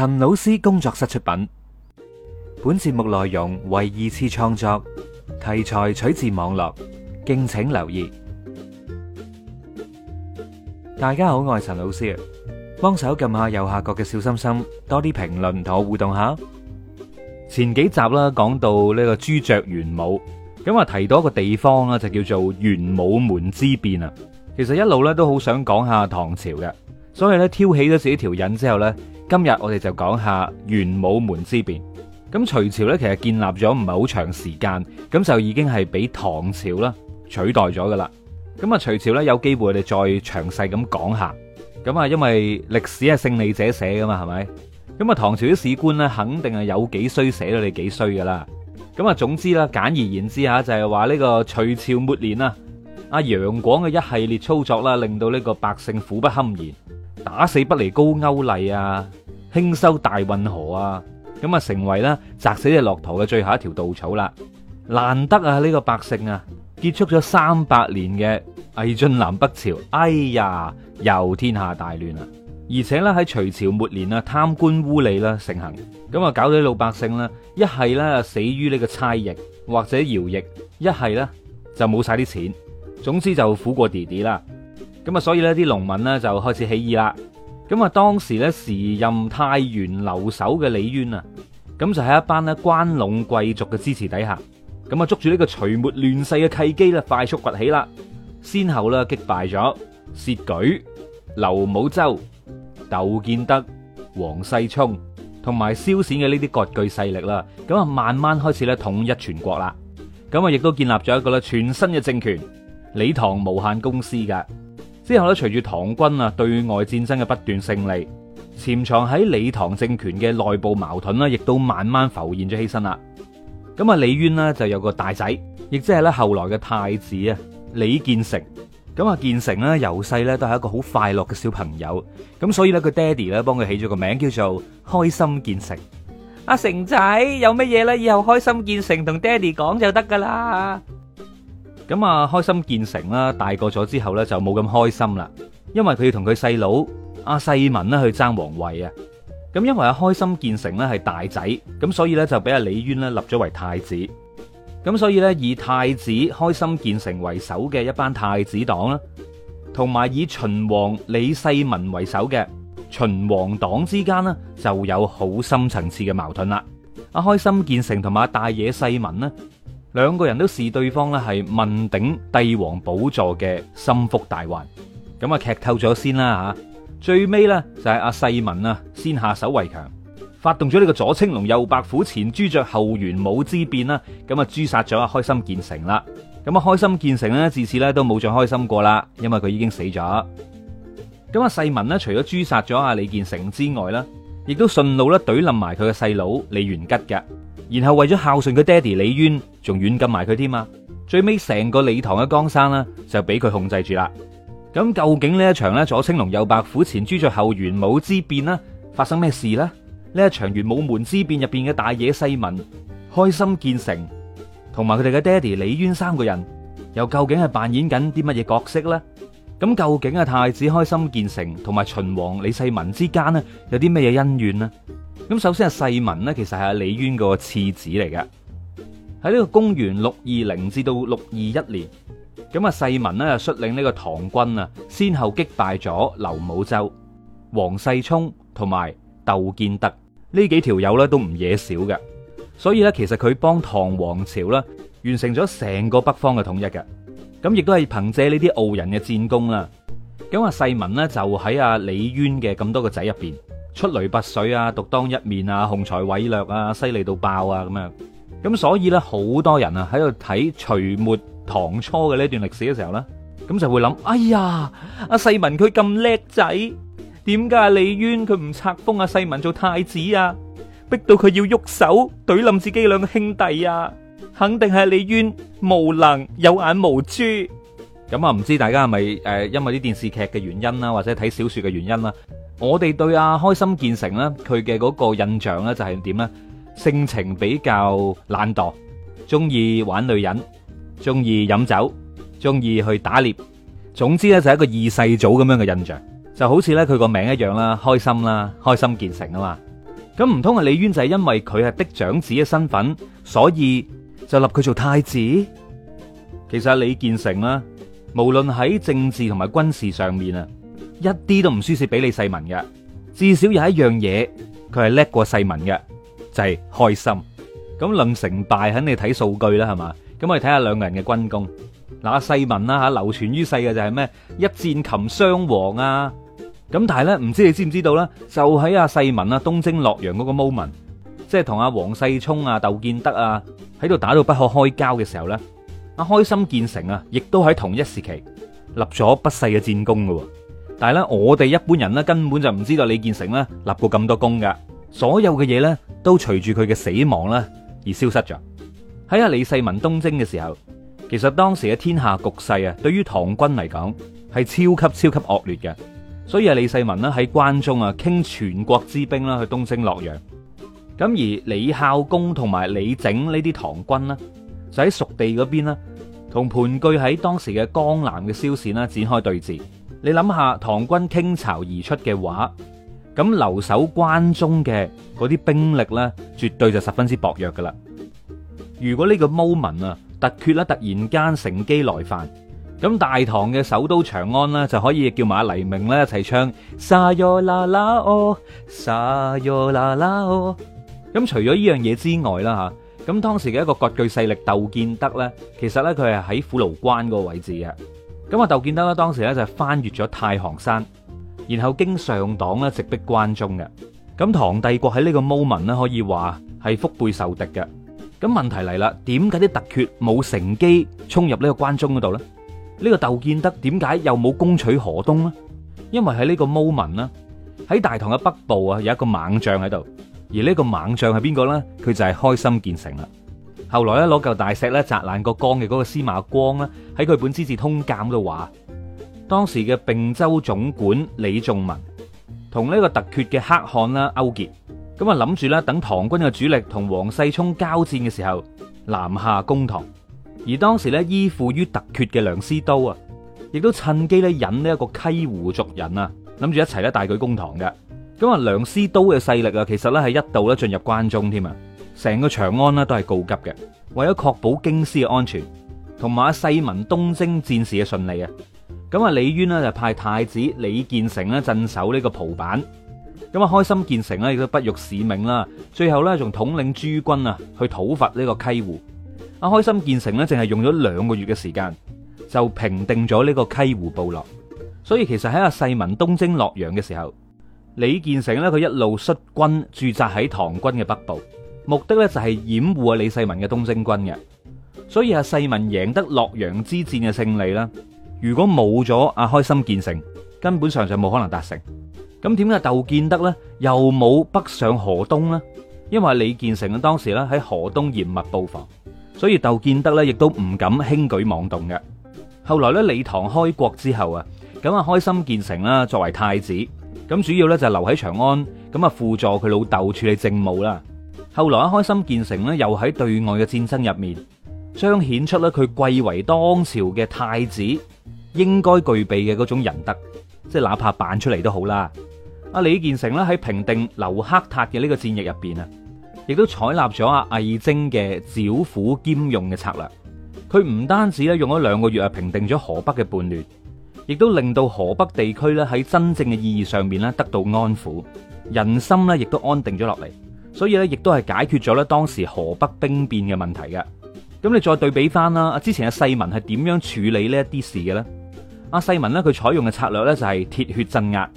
陳老師工作室出品，本節目內容為二次創作，題材取自網絡，敬請留意。大家好，我係陳老師，幫手撳下右下角嘅小心心，多啲評論同我互動下。前幾集啦，講到呢個朱雀玄武，咁啊提到一個地方啦，就叫做玄武門之變啊。其實一路咧都好想講下唐朝嘅。所以咧挑起咗自己條癮之後咧，今日我哋就講下玄武門之變。咁隋朝咧其實建立咗唔係好長時間，咁就已經係俾唐朝啦取代咗噶啦。咁啊，隋朝咧有機會我哋再詳細咁講下。咁啊，因為歷史係勝利者寫噶嘛，係咪？咁啊，唐朝啲史官咧肯定係有幾衰寫到你幾衰噶啦。咁啊，總之啦，簡而言之啊，就係話呢個隋朝末年啊，阿楊廣嘅一系列操作啦，令到呢個百姓苦不堪言。打死不離高句麗啊，興修大運河啊，咁啊成為啦砸死隻駱駝嘅最後一條稻草啦，難得啊呢個百姓啊結束咗三百年嘅魏晉南北朝，哎呀又天下大亂啦，而且咧喺隋朝末年啊貪官污吏啦盛行，咁啊搞到啲老百姓咧一係咧死於呢個差役或者徭役，一係咧就冇晒啲錢，總之就苦過弟弟啦。咁啊，所以呢啲農民呢，就開始起義啦。咁啊，當時呢時任太原留守嘅李淵啊，咁就喺一班咧關隴貴族嘅支持底下，咁啊，捉住呢個隋末亂世嘅契機咧，快速崛起啦，先後呢，擊敗咗薛舉、劉武周、竇建德、王世充同埋蕭銑嘅呢啲割據勢力啦，咁啊，慢慢開始咧統一全國啦。咁啊，亦都建立咗一個咧全新嘅政權——李唐無限公司噶。之後咧，隨住唐軍啊對外戰爭嘅不斷勝利，潛藏喺李唐政權嘅內部矛盾啦，亦都慢慢浮現咗起身啦。咁啊，李淵呢就有個大仔，亦即係咧後來嘅太子啊李建成。咁啊，建成咧由細咧都係一個好快樂嘅小朋友，咁所以咧佢爹哋咧幫佢起咗個名叫做開心建成。阿成仔有乜嘢咧，以後開心建成同爹哋講就得噶啦。咁啊，開心建成啦，大個咗之後呢，就冇咁開心啦，因為佢要同佢細佬阿世民呢去爭皇位啊。咁因為阿開心建成呢係大仔，咁所以呢，就俾阿李淵呢立咗為太子。咁所以呢，以太子開心建成為首嘅一班太子黨啦，同埋以秦王李世民為首嘅秦王黨之間呢，就有好深層次嘅矛盾啦。阿開心建成同埋大野世民呢，兩個人都視對方咧係問鼎帝王寶座嘅心腹大患，咁啊劇透咗先啦吓，最尾呢，就係阿世民啊先下手為強，發動咗呢個左青龍右白虎前朱雀後玄武之變啦，咁啊誅殺咗阿開心建成啦，咁啊開心建成呢，自此呢都冇再開心過啦，因為佢已經死咗。咁阿世民呢，除咗誅殺咗阿李建成之外啦，亦都順路咧懟冧埋佢嘅細佬李元吉嘅。然後為咗孝順佢爹哋李淵，仲軟禁埋佢添啊！最尾成個李唐嘅江山呢，就俾佢控制住啦。咁究竟呢一場咧，左青龍右白虎前朱雀後玄武之變呢？發生咩事呢？呢一場玄武門之變入邊嘅大野世民、開心建成同埋佢哋嘅爹哋李淵三個人，又究竟係扮演緊啲乜嘢角色呢？咁究竟啊太子開心建成同埋秦王李世民之間呢，有啲咩嘢恩怨呢？咁首先係世民呢，其實係阿李淵個次子嚟嘅。喺呢個公元六二零至到六二一年，咁啊世民呢率領呢個唐軍啊，先後擊敗咗劉武周、王世充同埋竇建德呢幾條友呢，都唔野少嘅。所以呢，其實佢幫唐王朝呢，完成咗成個北方嘅統一嘅。咁亦都係憑借呢啲傲人嘅戰功啦。咁阿世民呢，就喺阿李淵嘅咁多個仔入邊。出類拔萃啊，獨當一面啊，雄才偉略啊，犀利到爆啊，咁樣，咁所以咧，好多人啊喺度睇隋末唐初嘅呢一段歷史嘅時候咧，咁就會諗：哎呀，阿世民佢咁叻仔，點解阿李淵佢唔冊封阿世民做太子啊？逼到佢要喐手懟冧自己兩個兄弟啊！肯定係李淵無能，有眼無珠。咁啊，唔知大家係咪誒，因為啲電視劇嘅原因啦，或者睇小說嘅原因啦？我哋對阿、啊、開心建成咧，佢嘅嗰個印象咧就係點咧？性情比較懶惰，中意玩女人，中意飲酒，中意去打獵。總之咧就係一個二世祖咁樣嘅印象。就好似咧佢個名一樣啦，開心啦，開心建成啊嘛。咁唔通啊李淵就係因為佢係嫡長子嘅身份，所以就立佢做太子？其實、啊、李建成啦，無論喺政治同埋軍事上面啊。一啲都唔輸蝕俾你。世民嘅，至少有一樣嘢佢係叻過世民嘅，就係、是、開心。咁論成敗，肯定睇數據啦，係嘛？咁我哋睇下兩個人嘅軍功嗱。世民啦吓，流傳於世嘅就係咩一戰擒雙王啊。咁但係咧，唔知你知唔知道咧？就喺阿世民啊，世啊，知知世民啊東征洛陽嗰個 moment，即係同阿王世充啊、竇建德啊喺度打到不可開交嘅時候咧，阿、啊、開心建成啊，亦都喺同一時期立咗不世嘅戰功噶、啊。但係咧，我哋一般人咧根本就唔知道李建成咧立過咁多功噶，所有嘅嘢咧都隨住佢嘅死亡咧而消失咗。喺阿李世民東征嘅時候，其實當時嘅天下局勢啊，對於唐軍嚟講係超級超級惡劣嘅，所以阿李世民咧喺關中啊傾全國之兵啦去東征洛陽。咁而李孝恭同埋李整呢啲唐軍咧就喺蜀地嗰邊啦，同盤踞喺當時嘅江南嘅蕭銑啦展開對峙。你諗下，唐軍傾巢而出嘅話，咁留守關中嘅嗰啲兵力呢，絕對就十分之薄弱噶啦。如果呢個 moment 啊突厥啦突然間乘機來犯，咁大唐嘅首都長安呢，就可以叫埋黎明咧一齊唱撒喲啦啦哦，撒喲啦啦哦。咁除咗呢樣嘢之外啦吓，咁當時嘅一個割據勢力竇建德呢，其實呢，佢係喺虎牢關嗰個位置嘅。咁啊，竇建德咧當時咧就翻越咗太行山，然後經上黨咧直逼關中嘅。咁唐帝國喺呢個 moment 咧，可以話係腹背受敵嘅。咁問題嚟啦，點解啲突厥冇乘機衝入呢個關中嗰度呢？呢、這個竇建德點解又冇攻取河東咧？因為喺呢個 moment 啦，喺大唐嘅北部啊，有一個猛將喺度。而呢個猛將係邊個呢？佢就係開心建成啦。後來咧，攞嚿大石咧砸爛個缸嘅嗰個司馬光咧，喺佢本《資治通鑑》度話，當時嘅并州總管李仲文同呢一個突厥嘅黑漢啦勾結，咁啊諗住啦等唐軍嘅主力同王世充交戰嘅時候，南下攻唐。而當時咧依附於突厥嘅梁師都啊，亦都趁機咧引呢一個溪湖族人啊，諗住一齊咧大舉攻唐嘅。咁啊梁師都嘅勢力啊，其實咧係一度咧進入關中添啊。成個長安啦，都係告急嘅。為咗確保京師嘅安全，同埋世民東征戰事嘅順利啊，咁啊，李淵咧就派太子李建成咧鎮守呢個蒲坂。咁啊，開心建成呢亦都不辱使命啦。最後呢仲統領諸軍啊去討伐呢個溪湖。阿開心建成呢淨係用咗兩個月嘅時間就平定咗呢個溪湖部落。所以其實喺阿世民東征洛陽嘅時候，李建成呢佢一路率軍駐紮喺唐軍嘅北部。目的咧就係掩護阿李世民嘅東征軍嘅，所以阿世民贏得洛陽之戰嘅勝利啦。如果冇咗阿開心建成，根本上就冇可能達成。咁點解竇建德呢又冇北上河東咧？因為李建成當時咧喺河東嚴密布防，所以竇建德咧亦都唔敢輕舉妄動嘅。後來咧，李唐開國之後啊，咁阿開心建成啦，作為太子，咁主要咧就留喺長安，咁啊輔助佢老竇處理政務啦。後來一開心建成咧，又喺對外嘅戰爭入面，彰顯出咧佢貴為當朝嘅太子，應該具備嘅嗰種仁德，即係哪怕扮出嚟都好啦。阿李建成咧喺平定劉克塔嘅呢個戰役入邊啊，亦都採納咗阿魏徵嘅剿撫兼用嘅策略。佢唔單止咧用咗兩個月啊平定咗河北嘅叛亂，亦都令到河北地區咧喺真正嘅意義上面咧得到安撫，人心咧亦都安定咗落嚟。所以咧，亦都係解決咗咧當時河北兵變嘅問題嘅。咁你再對比返啦，之前阿世民係點樣處理呢一啲事嘅咧？阿世民咧佢採用嘅策略咧就係鐵血鎮壓。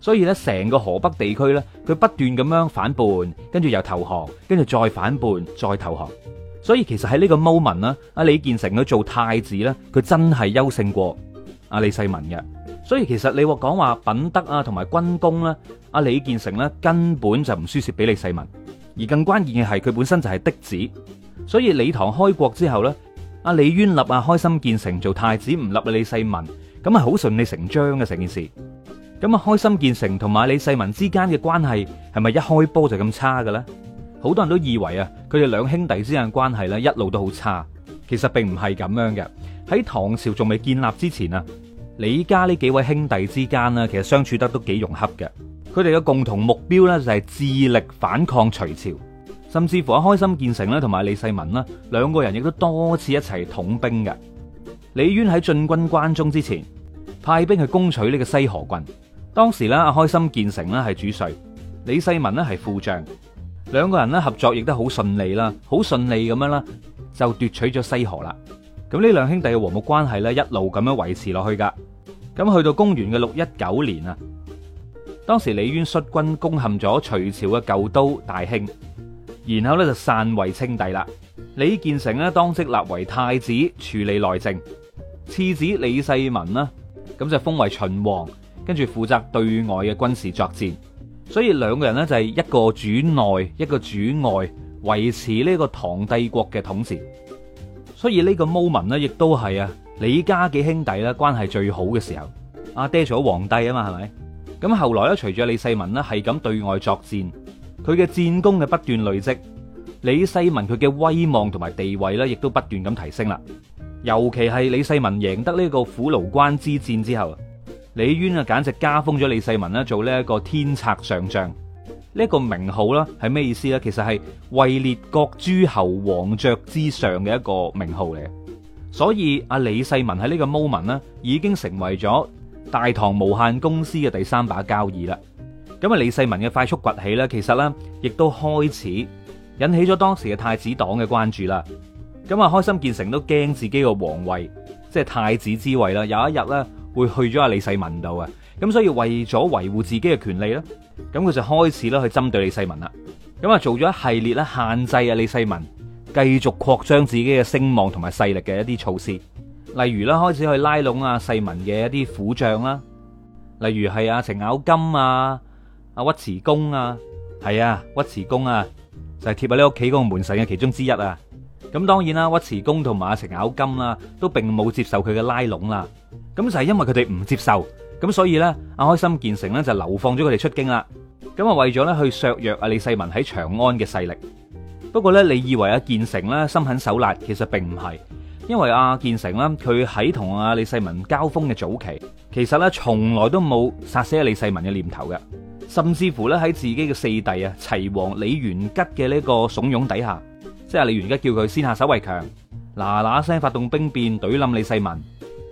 所以咧成個河北地區咧，佢不斷咁樣反叛，跟住又投降，跟住再反叛，再投降。所以其實喺呢個 moment 民啦，阿李建成佢做太子咧，佢真係優勝過阿李世民嘅。所以其實你話講話品德啊，同埋軍功呢，阿李建成呢，根本就唔輸蝕俾李世民，而更關鍵嘅係佢本身就係嫡子。所以李唐開國之後呢，阿李淵立啊開心建成做太子，唔立啊李世民，咁係好順理成章嘅成件事。咁啊，開心建成同埋李世民之間嘅關係係咪一開波就咁差嘅呢？好多人都以為啊，佢哋兩兄弟之間嘅關係呢，一路都好差。其實並唔係咁樣嘅。喺唐朝仲未建立之前啊。李家呢幾位兄弟之間呢，其實相處得都幾融洽嘅。佢哋嘅共同目標呢，就係致力反抗隋朝，甚至乎阿開心建成啦，同埋李世民啦，兩個人亦都多次一齊統兵嘅。李淵喺進軍關中之前，派兵去攻取呢個西河郡。當時啦，阿開心建成呢係主帥，李世民呢係副將，兩個人咧合作亦都好順利啦，好順利咁樣啦，就奪取咗西河啦。咁呢兩兄弟嘅和睦關係呢，一路咁樣維持落去噶。咁去到公元嘅六一九年啊，當時李淵率軍攻陷咗隋朝嘅舊都大興，然後呢就禪位稱帝啦。李建成呢，當即立為太子，處理內政；次子李世民呢，咁就封為秦王，跟住負責對外嘅軍事作戰。所以兩個人呢，就係一個主內，一個主外，維持呢個唐帝國嘅統治。所以呢個 moment 呢，亦都係啊李家嘅兄弟咧關係最好嘅時候。阿爹做皇帝啊嘛，係咪？咁後來咧，隨住李世民呢，係咁對外作戰，佢嘅戰功嘅不斷累積，李世民佢嘅威望同埋地位咧，亦都不斷咁提升啦。尤其係李世民贏得呢個虎牢關之戰之後，李淵啊，簡直加封咗李世民呢，做呢一個天策上將。呢一個名號呢係咩意思呢？其實係位列各諸侯王爵之上嘅一個名號嚟。所以阿李世民喺呢個 moment 呢，已經成為咗大唐無限公司嘅第三把交椅啦。咁啊，李世民嘅快速崛起呢，其實呢亦都開始引起咗當時嘅太子黨嘅關注啦。咁啊，開心建成都驚自己個皇位，即係太子之位啦，有一日呢，會去咗阿李世民度啊！咁所以為咗維護自己嘅權利咧，咁佢就開始咧去針對李世民啦。咁啊做咗一系列咧限制啊李世民繼續擴張自己嘅聲望同埋勢力嘅一啲措施，例如咧開始去拉攏啊世民嘅一啲府將啦，例如係啊程咬金啊、阿尉遲恭啊，係啊尉遲恭啊就係貼喺你屋企嗰個門神嘅其中之一啊。咁當然啦，尉遲恭同埋阿程咬金啦都並冇接受佢嘅拉攏啦。咁就係、是、因為佢哋唔接受。咁所以呢，阿、啊、開心建成呢就流放咗佢哋出京啦。咁啊為咗呢去削弱阿李世民喺長安嘅勢力。不過呢，你以為阿建成呢心狠手辣？其實並唔係，因為阿建成呢，佢喺同阿李世民交鋒嘅早期，其實呢從來都冇殺死阿李世民嘅念頭嘅。甚至乎呢，喺自己嘅四弟啊齊王李元吉嘅呢個慫恿底下，即係李元吉叫佢先下手為強，嗱嗱聲發動兵變，懟冧李世民。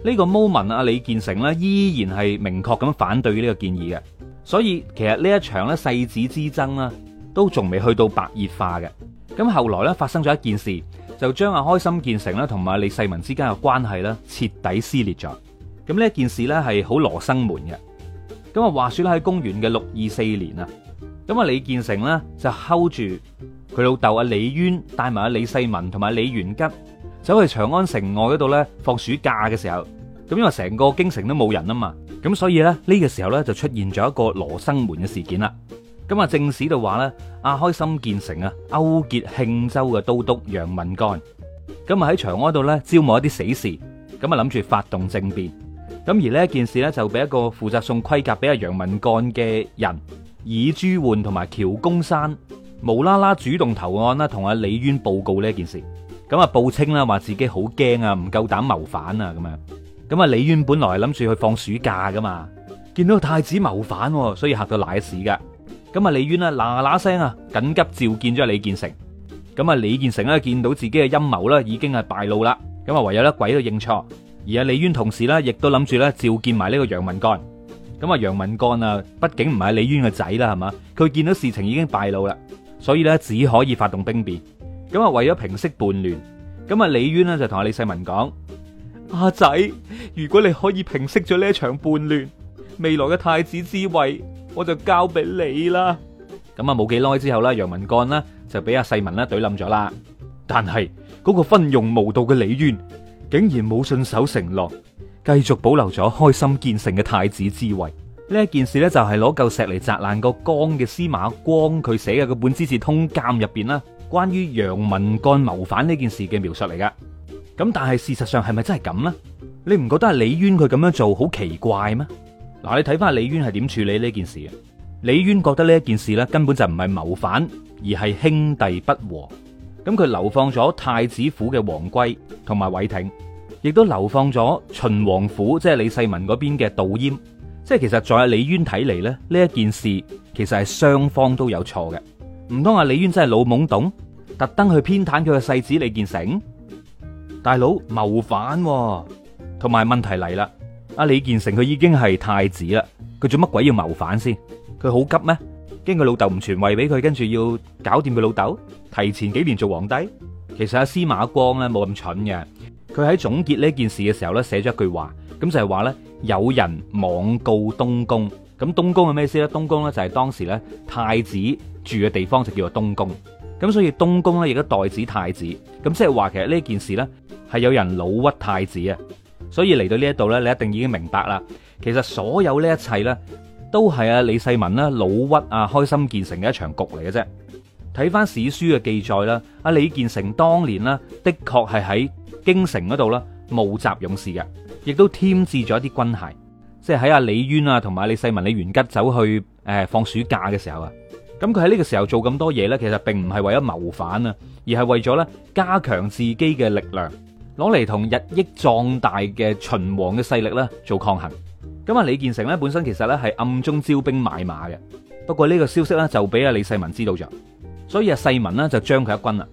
呢個 moment，阿李建成呢依然係明確咁反對呢個建議嘅，所以其實呢一場咧世子之爭啦，都仲未去到白熱化嘅。咁後來呢，發生咗一件事，就將阿開心建成咧同埋李世民之間嘅關係咧徹底撕裂咗。咁呢件事呢係好羅生門嘅。咁啊話說咧喺公元嘅六二四年啊，咁啊李建成呢，就睺住佢老豆阿李淵帶埋阿李世民同埋李元吉，走去長安城外嗰度呢，放暑假嘅時候，咁因為成個京城都冇人啊嘛，咁所以呢，呢個時候呢，就出現咗一個羅生門嘅事件啦。咁啊，正史就話呢，阿開心建成啊，勾結慶州嘅都督楊文幹，咁啊喺長安度呢，招募一啲死士，咁啊諗住發動政變。咁而呢件事呢，就俾一個負責送盔甲俾阿楊文幹嘅人以朱煥同埋喬公山無啦啦主動投案啦，同阿李淵報告呢件事。咁啊，報稱啦，話自己好驚啊，唔夠膽謀反啊，咁樣。咁啊，李淵本來係諗住去放暑假噶嘛，見到太子謀反，所以嚇到瀨屎噶。咁啊，李淵啦，嗱嗱聲啊，緊急召見咗李建成。咁啊，李建成咧，見到自己嘅陰謀咧，已經係敗露啦。咁啊，唯有咧，跪喺度認錯。而啊，李淵同時咧，亦都諗住咧，召見埋呢個楊文幹。咁啊，楊文幹啊，畢竟唔係李淵嘅仔啦，係嘛？佢見到事情已經敗露啦，所以咧，只可以發動兵變。咁啊，為咗平息叛亂，咁啊，李淵咧就同阿李世民講：阿、啊、仔，如果你可以平息咗呢一場叛亂，未來嘅太子之位我就交俾你啦。咁啊，冇幾耐之後啦，楊文幹呢就俾阿世民啦懟冧咗啦。但係嗰、那個昏庸無道嘅李淵，竟然冇信守承諾，繼續保留咗開心建成嘅太子之位。呢一件事呢，就係攞嚿石嚟砸爛個光嘅司馬光，佢寫嘅本《資治通鑑》入邊啦。關於楊文幹謀反呢件事嘅描述嚟㗎，咁但係事實上係咪真係咁咧？你唔覺得李淵佢咁樣做好奇怪咩？嗱，你睇翻阿李淵係點處理呢件事嘅？李淵覺得呢一件事咧根本就唔係謀反，而係兄弟不和。咁、嗯、佢流放咗太子府嘅王珪同埋韋挺，亦都流放咗秦王府，即係李世民嗰邊嘅杜淹。即係其實在阿李淵睇嚟呢，呢一件事其實係雙方都有錯嘅。唔通阿李淵真係老懵懂，特登去偏袒佢嘅世子李建成？大佬，謀反，同埋問題嚟啦！阿李建成佢已經係太子啦，佢做乜鬼要謀反先？佢好急咩？驚佢老豆唔傳位俾佢，跟住要搞掂佢老豆，提前幾年做皇帝？其實阿司馬光咧冇咁蠢嘅，佢喺總結呢件事嘅時候咧寫咗一句話，咁就係話咧，有人妄告東宮。咁東宮係咩意思呢？東宮呢就係當時呢太子住嘅地方，就叫做東宮。咁所以東宮呢亦都代指太子。咁即係話其實呢件事呢係有人老屈太子啊。所以嚟到呢一度呢，你一定已經明白啦。其實所有呢一切呢，都係啊李世民呢老屈啊，開心建成嘅一場局嚟嘅啫。睇翻史書嘅記載啦，阿李建成當年呢，的確係喺京城嗰度呢，募集勇士嘅，亦都添置咗一啲軍械。即係喺阿李淵啊，同埋李世民、李元吉走去誒放暑假嘅時候啊，咁佢喺呢個時候做咁多嘢咧，其實並唔係為咗謀反啊，而係為咗咧加強自己嘅力量，攞嚟同日益壯大嘅秦王嘅勢力咧做抗衡。咁啊，李建成咧本身其實咧係暗中招兵買馬嘅，不過呢個消息咧就俾阿李世民知道咗，所以阿世民咧就將佢一軍啦，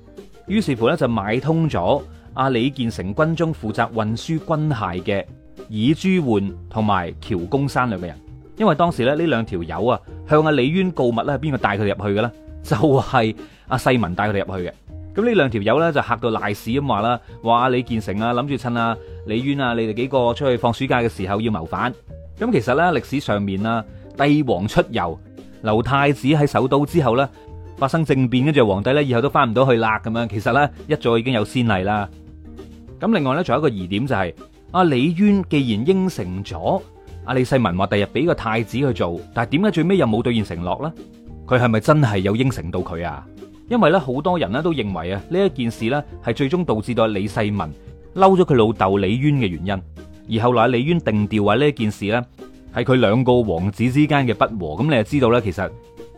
於是乎咧就買通咗阿李建成軍中負責運輸軍械嘅，以朱煥同埋喬公山兩個人，因為當時咧呢兩條友啊向阿李淵告密咧，係邊個帶佢哋入去嘅咧？就係阿世民帶佢哋入去嘅。咁呢兩條友咧就吓到賴屎咁話啦，話阿李建成啊諗住趁阿李淵啊你哋幾個出去放暑假嘅時候要謀反。咁其實咧歷史上面啊，帝王出遊留太子喺首都之後咧發生政變，跟住皇帝咧以後都返唔到去啦咁樣。其實咧一早已經有先例啦。咁另外咧仲有一個疑點就係。阿李淵既然應承咗阿李世民話第日俾個太子去做，但係點解最尾又冇兌現承諾呢？佢係咪真係有應承到佢啊？因為咧，好多人咧都認為啊，呢一件事呢係最終導致到李世民嬲咗佢老豆李淵嘅原因。而後來李淵定調話呢一件事呢係佢兩個王子之間嘅不和，咁你就知道咧，其實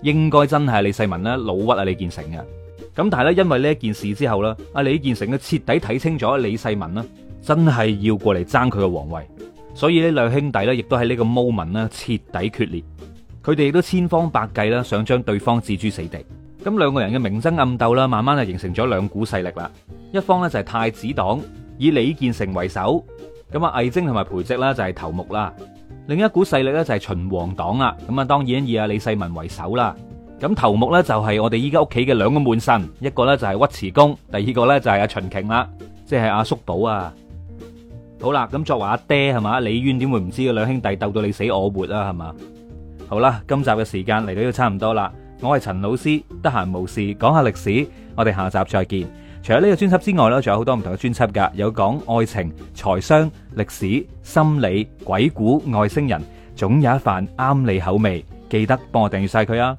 應該真係李世民呢老屈啊李建成嘅。咁但係咧因為呢一件事之後呢，阿李建成嘅徹底睇清楚李世民啦。真係要過嚟爭佢個皇位，所以呢兩兄弟咧，亦都喺呢個 moment 呢徹底決裂。佢哋都千方百計啦，想將對方置諸死地。咁兩個人嘅明爭暗鬥啦，慢慢就形成咗兩股勢力啦。一方呢，就係太子黨，以李建成為首，咁啊魏徵同埋裴寂呢，就係頭目啦。另一股勢力呢，就係秦王黨啦。咁啊，當然以阿李世民為首啦。咁頭目呢，就係我哋依家屋企嘅兩個門神，一個呢，就係尉遲恭，第二個呢，就係阿秦瓊啦，即係阿叔寶啊。好啦，咁作為阿爹係嘛，李淵點會唔知兩兄弟鬥到你死我活啊係嘛？好啦，今集嘅時間嚟到都差唔多啦，我係陳老師，得閒無事講下歷史，我哋下集再見。除咗呢個專輯之外呢，仲有好多唔同嘅專輯噶，有講愛情、財商、歷史、心理、鬼故、外星人，總有一番啱你口味，記得幫我訂閱晒佢啊！